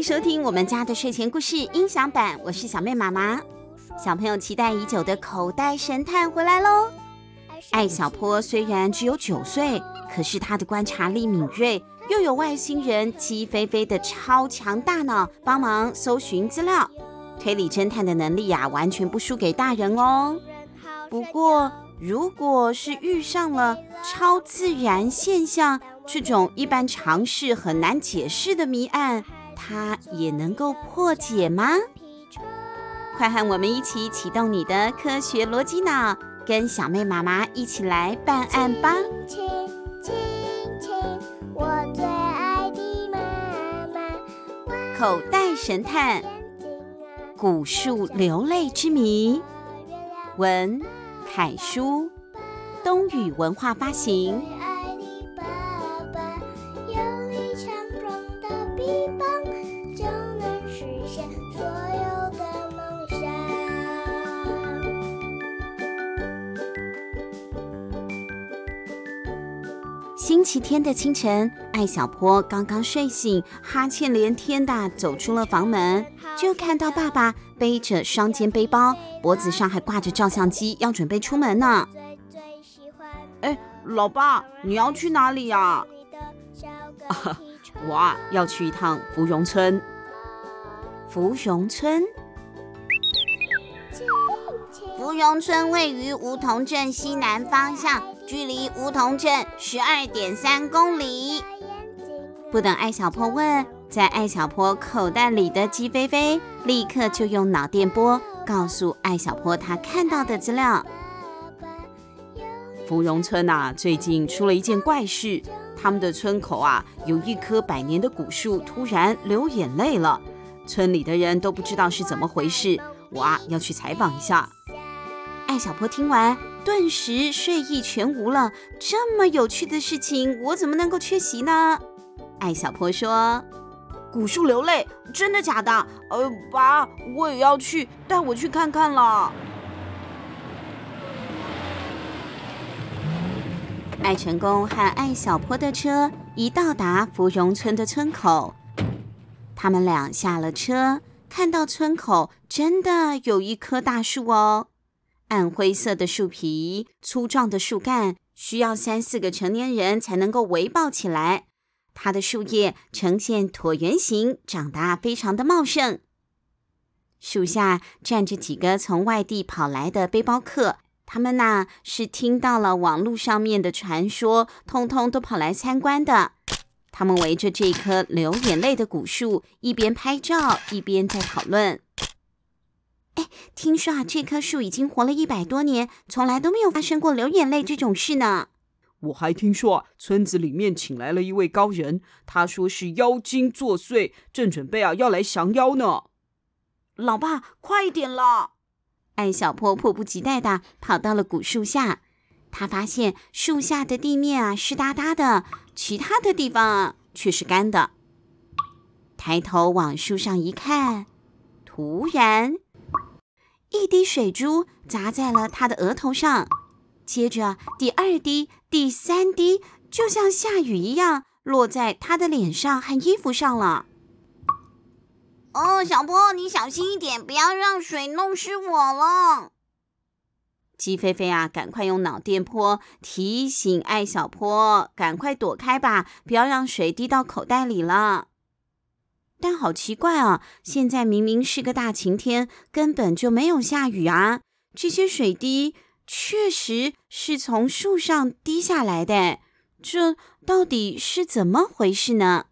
歡迎收聽我們家的睡前故事音享版，我是小妹媽媽。小朋友期待已久的口袋神探回來嘍！艾小坡雖然只有九歲，可是他的觀察力敏銳，又有外星人雞飛飛的超強大腦幫忙搜尋資料，推理偵探的能力呀、啊，完全不輸給大人哦。不過，如果是遇上了超自然現象這種一般常識很難解釋的謎案，它也能夠破解嗎？快和我們一起啟動你的科學邏輯腦，跟小妹媽媽一起來辦案吧！親親親親，我最愛的媽媽，哇！口袋神探，啊、古樹流淚之謎，文，凱叔，東雨文化發行。星期天的清晨，艾小坡剛剛睡醒，哈欠連天的走出了房門，就看到爸爸背着雙肩背包，脖子上還掛着照相機，要準備出門呢。哎，老爸，你要去哪裡呀、啊？我啊，要去一趟芙蓉村。芙蓉村，芙蓉村位於梧桐鎮西南方向。距離梧桐鎮十二點三公里。不等艾小坡問，在艾小坡口袋裡的雞飛飛立刻就用腦電波告訴艾小坡他看到的資料。芙蓉村吶、啊，最近出了一件怪事，他們的村口啊，有一棵百年的古樹突然流眼淚了，村裡的人都不知道是怎麼回事。我啊，要去採訪一下。艾小坡聽完。頓時睡意全無了。這麼有趣的事情，我怎麼能夠缺席呢？艾小坡說：“古樹流淚，真的假的？”呃，爸，我也要去，帶我去看看了。艾成功和艾小坡的車一到達芙蓉村的村口，他們倆下了車，看到村口真的有一棵大樹哦。暗灰色的樹皮，粗壯的樹幹，需要三四個成年人才能夠圍抱起來。它的樹葉呈現橢圓形，長得非常的茂盛。樹下站着幾個從外地跑來的背包客，他們吶，是聽到了網絡上面的傳說，通通都跑來參觀的。他們圍着這棵流眼淚的古樹，一邊拍照，一邊在討論。聽說啊，這棵樹已經活了一百多年，從來都沒有發生過流眼淚這種事呢。我還聽說啊，村子裡面請來了一位高人，他說是妖精作祟，正準備啊要來降妖呢。老爸，快一點啦！艾小坡迫不及待的跑到了古樹下，他發現樹下的地面啊濕噠噠的，其他的地方啊卻是乾的。抬頭往樹上一看，突然。一滴水珠砸在了他的額頭上，接着第二滴、第三滴，就像下雨一樣，落在他的臉上和衣服上了。哦，小坡，你小心一點，不要讓水弄濕我了。雞飛飛啊，趕快用腦電波提醒艾小坡，趕快躲開吧，不要讓水滴到口袋裡了。但好奇怪啊、哦！現在明明是個大晴天，根本就沒有下雨啊！這些水滴確實是從樹上滴下來的，這到底是怎麼回事呢？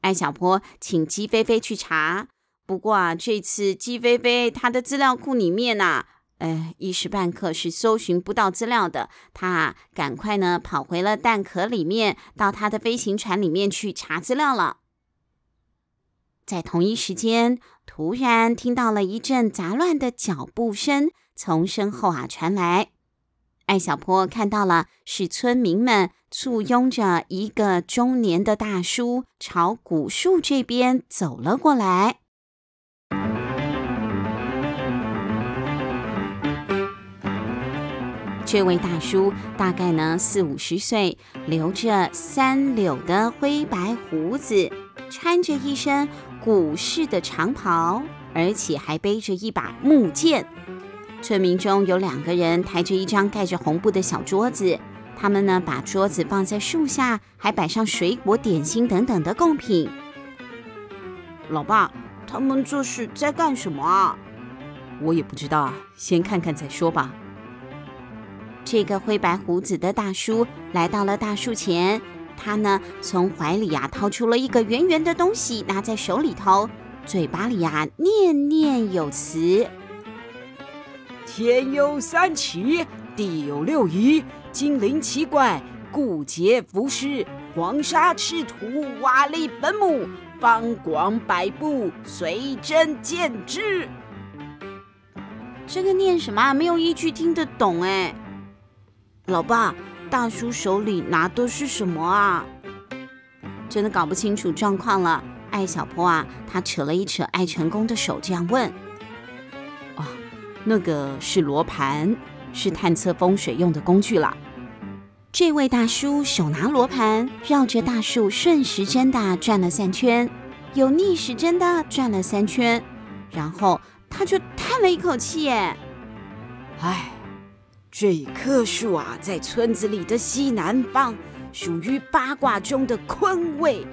艾小坡請雞飛飛去查，不過啊，這次雞飛飛他的資料庫裡面吶、啊，哎，一時半刻是搜尋不到資料的。他、啊、趕快呢跑回了蛋殼裡面，到他的飛行船裡面去查資料了。在同一時間，突然聽到了一陣雜亂的腳步聲從身後啊傳來。艾小坡看到了，是村民們簇擁着一個中年的大叔朝古樹這邊走了過來。這位大叔大概呢四五十歲，留着三绺的灰白胡子，穿着一身。古式的長袍，而且還背着一把木劍。村民中有兩個人抬着一張蓋着紅布的小桌子，他們呢把桌子放在樹下，還擺上水果、點心等等的貢品。老爸，他們這是在幹什麼啊？我也不知道啊，先看看再說吧。這個灰白鬍子的大叔來到了大樹前。他呢，從懷裡呀、啊、掏出了一個圓圓的東西，拿在手裡頭，嘴巴裡呀、啊、念念有詞：“天有三奇，地有六儀，精靈奇怪，故節浮屍，黃沙赤土，瓦礫墳墓，方廣百步，隨針見之。”這個念什麼？啊？沒有一句聽得懂哎，老爸。大叔手裡拿的是什麼啊？真的搞不清楚狀況了。艾小坡啊，他扯了一扯艾成功的手，這樣問：“哦，那個是羅盤，是探測風水用的工具了。”這位大叔手拿羅盤，繞着大樹順時針的轉了三圈，有逆時針的轉了三圈，然後他就嘆了一口氣耶：“哎。”這棵樹啊，在村子裡的西南方，屬於八卦中的坤位，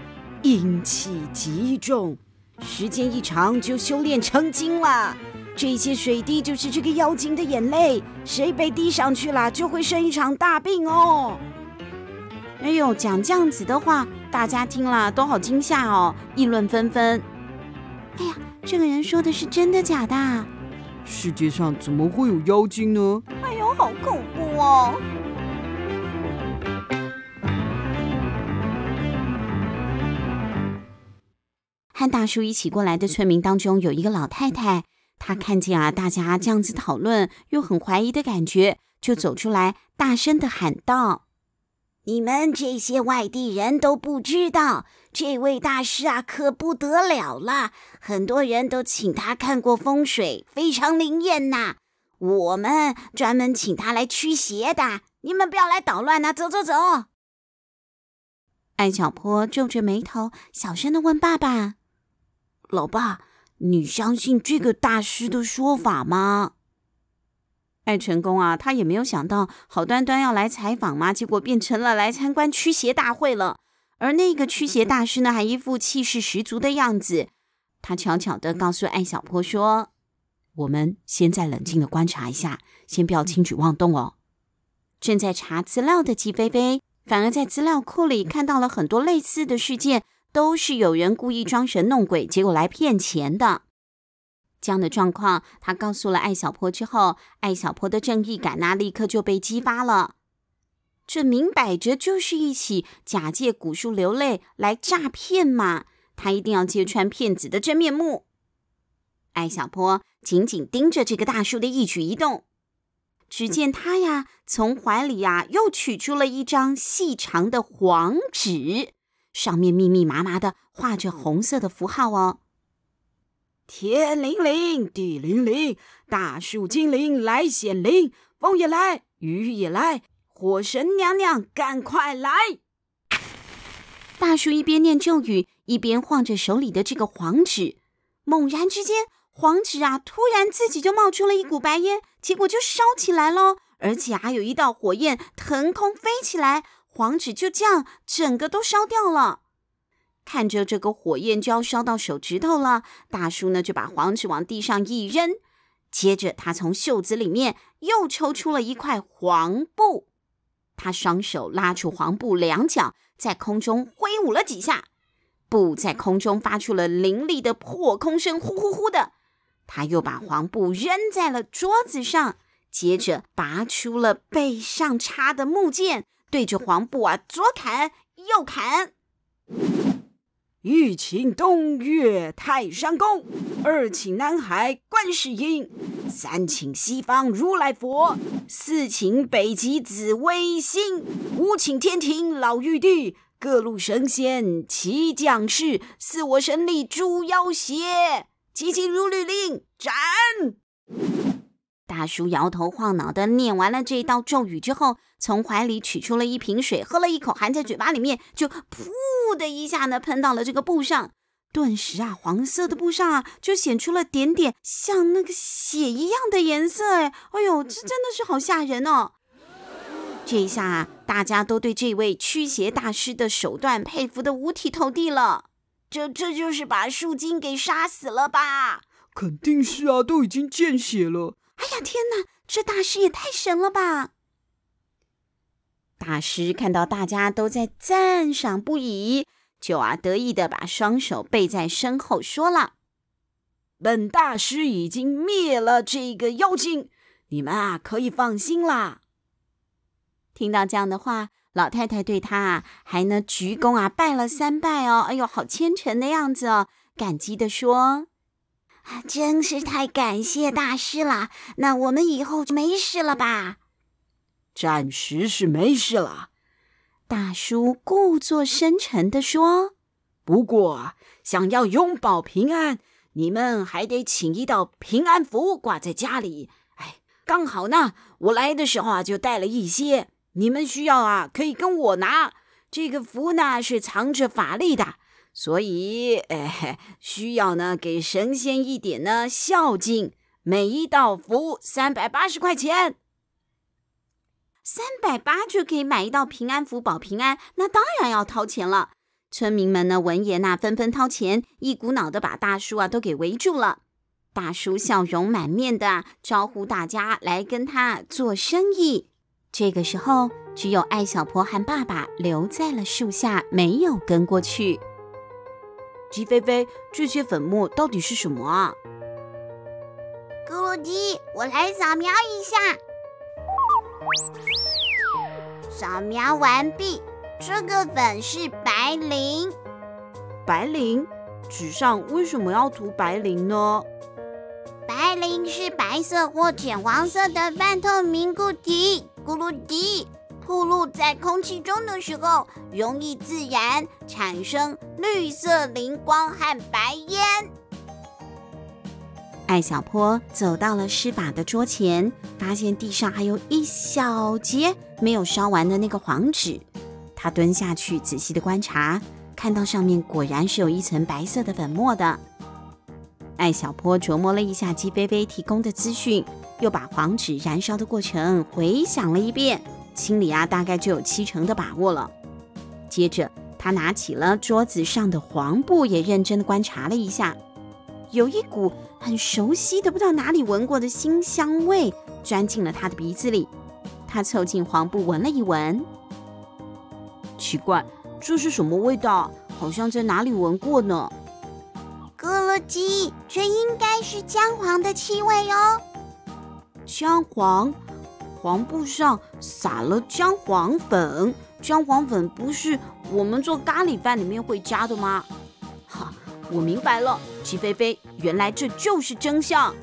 陰氣極重。時間一長，就修煉成精了。這些水滴就是這個妖精的眼淚，誰被滴上去了，就會生一場大病哦。哎呦，講這樣子的話，大家聽了都好驚嚇哦，議論紛紛。哎呀，這個人說的是真的假的？世界上怎麼會有妖精呢？好恐怖哦！和大叔一起過來的村民當中，有一個老太太，她看見啊大家這樣子討論，又很懷疑的感覺，就走出來，大聲的喊道：“你們這些外地人都不知道，這位大師啊可不得了了，很多人都請他看過風水，非常靈驗吶、啊。”我們專門請他來驅邪的，你們不要來搗亂啊！走走走。艾小坡皺着眉頭，小聲的問爸爸：“老爸，你相信這個大師的說法嗎？”艾成功啊，他也沒有想到，好端端要來採訪嘛，結果變成了來參觀驅邪大會了。而那個驅邪大師呢，還一副氣勢十足的樣子。他悄悄的告訴艾小坡說。我們先再冷靜的觀察一下，先不要輕舉妄動哦。正在查資料的雞飛飛，反而在資料庫裡看到了很多類似的事件，都是有人故意裝神弄鬼，結果來騙錢的。這樣的狀況，他告訴了艾小坡之後，艾小坡的正義感那、啊、立刻就被激發了。這明擺着就是一起假借古樹流淚來詐騙嘛！他一定要揭穿騙子的真面目。艾小坡緊緊盯着這個大叔的一舉一動。只見他呀，從懷裡呀又取出了一張細長的黃紙，上面密密麻麻的畫着紅色的符號哦。天靈靈，地靈靈，大樹精靈來顯靈，風也來，雨也來，火神娘娘趕快來！大叔一邊念咒語，一邊晃着手裡的這個黃紙，猛然之間。黃紙啊，突然自己就冒出了一股白煙，結果就燒起來嘍，而且還有一道火焰騰空飛起來，黃紙就這樣整個都燒掉了。看着這個火焰就要燒到手指頭了，大叔呢就把黃紙往地上一扔，接着他從袖子裡面又抽出了一塊黃布，他雙手拉住黃布，兩腳在空中揮舞了幾下，布在空中發出了凌厲的破空聲，呼呼呼的。他又把黃布扔在了桌子上，接着拔出了背上插的木劍，對着黃布啊左砍右砍。一請東嶽泰山宮，二請南海觀世音，三請西方如來佛，四請北極紫微星，五請天庭老玉帝，各路神仙齊降世，賜我神力誅妖邪。急急如律令，斬！大叔搖頭晃腦的念完了這一道咒語之後，從懷裡取出了一瓶水，喝了一口，含在嘴巴裡面，就噗的一下呢，噴到了這個布上。頓時啊，黃色的布上啊，就顯出了點點像那個血一樣的顏色。哎，哎呦，這真的是好嚇人哦！這一下啊，大家都對這位驅邪大師的手段佩服得五體投地了。這這就是把樹精給殺死了吧？肯定是啊，都已經見血了。哎呀，天哪，這大師也太神了吧！大師看到大家都在讚賞不已，就啊得意的把雙手背在身後，說了：“本大師已經滅了這個妖精，你們啊可以放心啦。”聽到這樣的話。老太太對他啊，還能鞠躬啊，拜了三拜哦，哎呦，好虔誠的樣子哦，感激地說：“啊，真是太感謝大師了，那我們以後就沒事了吧？”暫時是沒事了，大叔故作深沉地說：“不過啊，想要永保平安，你們還得請一道平安符掛在家裡。哎，剛好呢，我來的時候啊，就帶了一些。”你們需要啊，可以跟我拿這個符呢，是藏着法力的，所以哎，需要呢，給神仙一點呢孝敬。每一道符三百八十塊錢，三百八就可以買一道平安符保平安，那當然要掏錢了。村民們呢，聞言呢、啊，紛紛掏錢，一股腦的把大叔啊都給圍住了。大叔笑容滿面的招呼大家來跟他做生意。這個時候，只有艾小坡和爸爸留在了樹下，沒有跟過去。雞飛飛，這些粉末到底是什麼啊？咕嚕基，我來掃描一下。掃描完畢，這個粉是白磷。白磷，紙上為什麼要塗白磷呢？白磷是白色或淺黃色的半透明固體。咕嚕滴，暴露在空氣中的時候，容易自燃，產生綠色磷光和白煙。艾小坡走到了施法的桌前，發現地上還有一小截沒有燒完的那個黃紙。他蹲下去仔細的觀察，看到上面果然是有一層白色的粉末的。艾小坡琢磨了一下雞飛飛提供的資訊。又把黃紙燃燒的過程回想了一遍，心裡啊大概就有七成的把握了。接着，他拿起了桌子上的黃布，也認真的觀察了一下，有一股很熟悉的、的不知道哪裡聞過的辛香味鑽進了他的鼻子裡。他湊近黃布聞了一聞，奇怪，這是什麼味道？好像在哪裡聞過呢？咕嚕雞，這應該是薑黃的氣味哦。薑黃，黃布上撒了薑黃粉。薑黃粉不是我們做咖喱飯裡面會加的嗎？哈，我明白了，雞飛飛，原來這就是真相。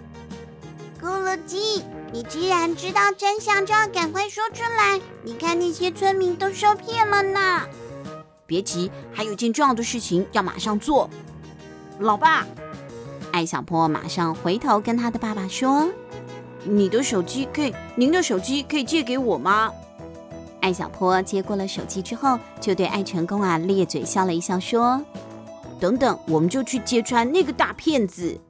咕嚕雞，你既然知道真相，就要趕快說出來。你看那些村民都受騙了呢。別急，還有件重要的事情要馬上做。老爸，艾小坡馬上回頭跟他的爸爸說。你的手機可以？您的手機可以借給我嗎？艾小坡接過了手機之後，就對艾成功啊咧嘴笑了一笑，說：“等等，我們就去揭穿那個大騙子。”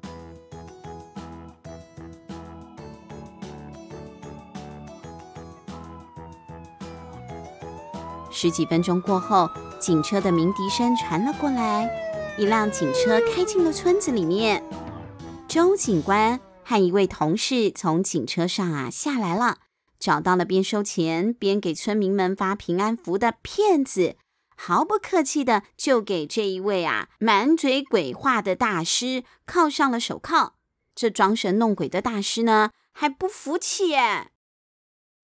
十幾分鐘過後，警車的鳴笛聲傳了過來，一輛警車開進了村子裡面。周警官。和一位同事從警車上啊下來了，找到了邊收錢邊給村民們發平安符的騙子，毫不客氣的就給這一位啊滿嘴鬼話的大師銬上了手銬。這裝神弄鬼的大師呢還不服氣耶！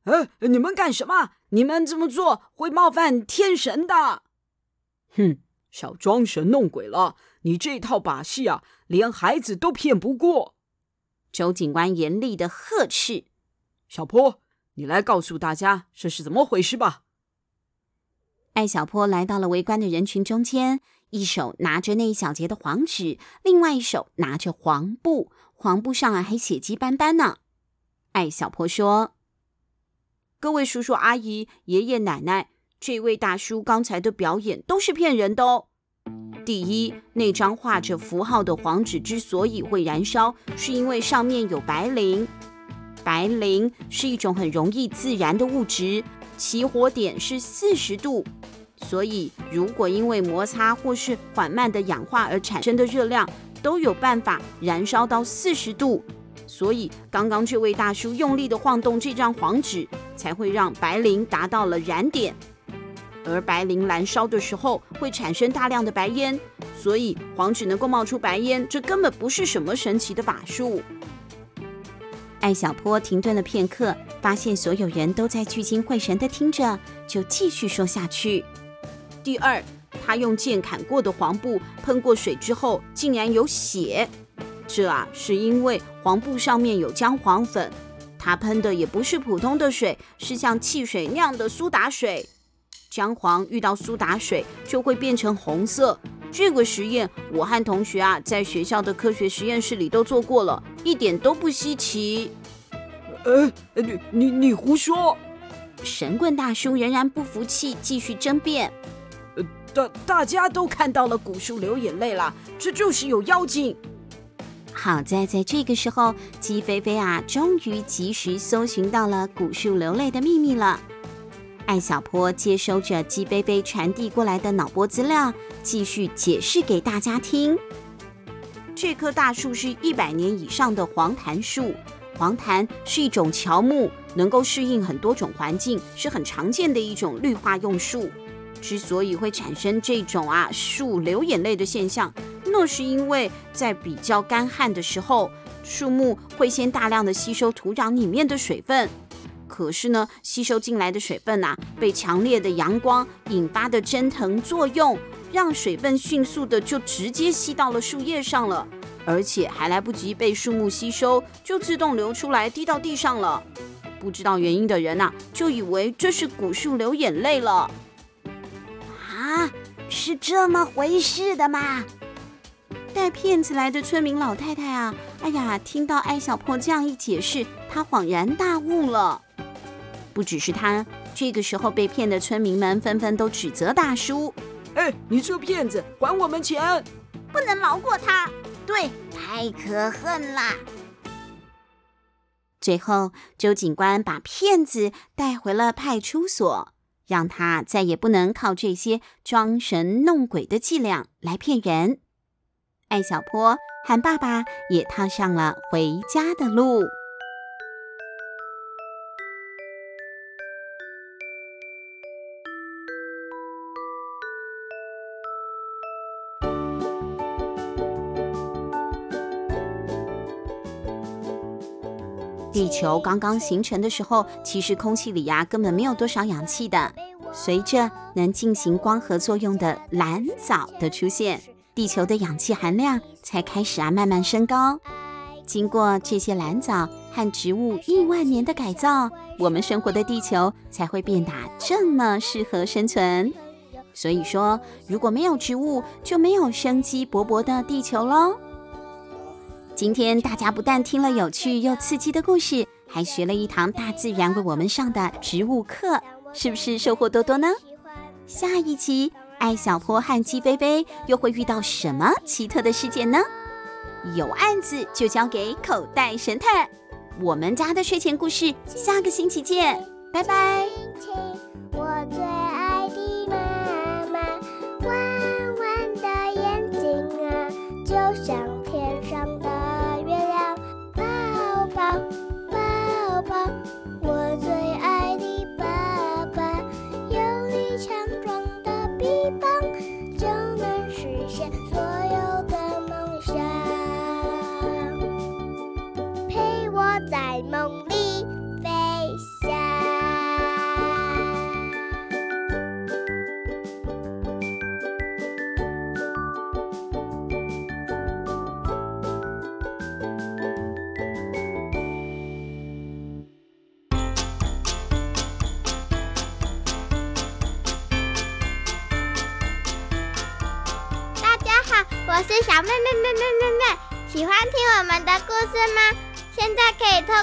哎，你們幹什麼？你們這麼做會冒犯天神的！哼，少裝神弄鬼了，你這套把戲啊，連孩子都騙不過。周警官嚴厲的呵斥：“小坡，你來告訴大家這是怎麼回事吧？”艾小坡來到了圍觀的人群中間，一手拿着那一小截的黃紙，另外一手拿着黃布，黃布上啊還血跡斑斑呢。艾小坡說：“各位叔叔阿姨、爺爺奶奶，這位大叔剛才的表演都是騙人的哦。”第一，那張畫着符號的黃紙之所以會燃燒，是因為上面有白磷。白磷是一種很容易自燃的物質，起火點是四十度。所以，如果因為摩擦或是緩慢的氧化而產生的熱量，都有辦法燃燒到四十度。所以，剛剛這位大叔用力的晃動這張黃紙，才會讓白磷達到了燃點。而白磷燃燒的時候會產生大量的白煙，所以黃紙能夠冒出白煙，這根本不是什麼神奇的法術。艾小坡停頓了片刻，發現所有人都在聚精會神地聽着，就繼續說下去。第二，他用劍砍過的黃布噴過水之後，竟然有血。這啊，是因為黃布上面有薑黃粉，他噴的也不是普通的水，是像汽水那樣的蘇打水。薑黃遇到蘇打水就會變成紅色。這個實驗，我和同學啊在學校的科學實驗室裡都做過了，一點都不稀奇。呃，你你你胡說！神棍大叔仍然不服氣，繼續爭辯。呃，大大家都看到了古樹流眼淚了，這就是有妖精。好在在這個時候，雞飛飛啊終於及時搜尋到了古樹流淚的祕密了。艾小坡接收着雞飛飛傳遞過來的腦波資料，繼續解釋給大家聽。這棵大樹是一百年以上的黃檀樹，黃檀是一種喬木，能夠適應很多種環境，是很常見的一種綠化用樹。之所以會產生這種啊樹流眼淚的現象，那是因為在比較乾旱的時候，樹木會先大量的吸收土壤裡面的水分。可是呢，吸收進來的水分吶、啊，被強烈的陽光引發的蒸騰作用，讓水分迅速的就直接吸到了樹葉上了，而且還來不及被樹木吸收，就自動流出來滴到地上了。不知道原因的人吶、啊，就以為這是古樹流眼淚了。啊，是這麼回事的嗎？帶騙子來的村民老太太啊，哎呀，聽到艾小坡這樣一解釋，她恍然大悟了。不只是他，這個時候被騙的村民們紛紛都指責大叔：“哎，你這騙子，還我們錢！不能饒過他！”對，太可恨了。最後，周警官把騙子帶回了派出所，讓他再也不能靠這些裝神弄鬼的伎倆來騙人。艾小坡和爸爸，也踏上了回家的路。地球剛剛形成的時候，其實空氣裡呀、啊、根本沒有多少氧氣的。隨着能進行光合作用的藍藻的出現，地球的氧氣含量才開始啊慢慢升高。經過這些藍藻和植物億萬年的改造，我們生活的地球才會變得這麼適合生存。所以說，如果沒有植物，就沒有生機勃勃的地球嘍。今天大家不但聽了有趣又刺激的故事，還學了一堂大自然為我們上的植物課，是不是收穫多多呢？下一集，艾小坡和雞飛飛又會遇到什麼奇特的事件呢？有案子就交給口袋神探。我們家的睡前故事，下個星期見，拜拜。親親我最愛的媽媽，彎彎的眼睛啊，就像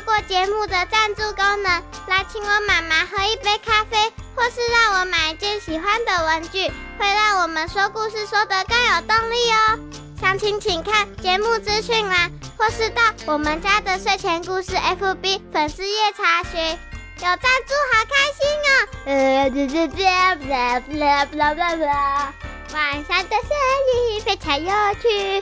過節目的贊助功能，來請我媽媽喝一杯咖啡，或是讓我買一件喜歡的文具，會讓我們說故事說得更有動力哦。詳情請看節目資訊欄，啊，或是到我們家的睡前故事 FB 粉絲頁查詢。有贊助好開心哦！晚上的森林非常有趣。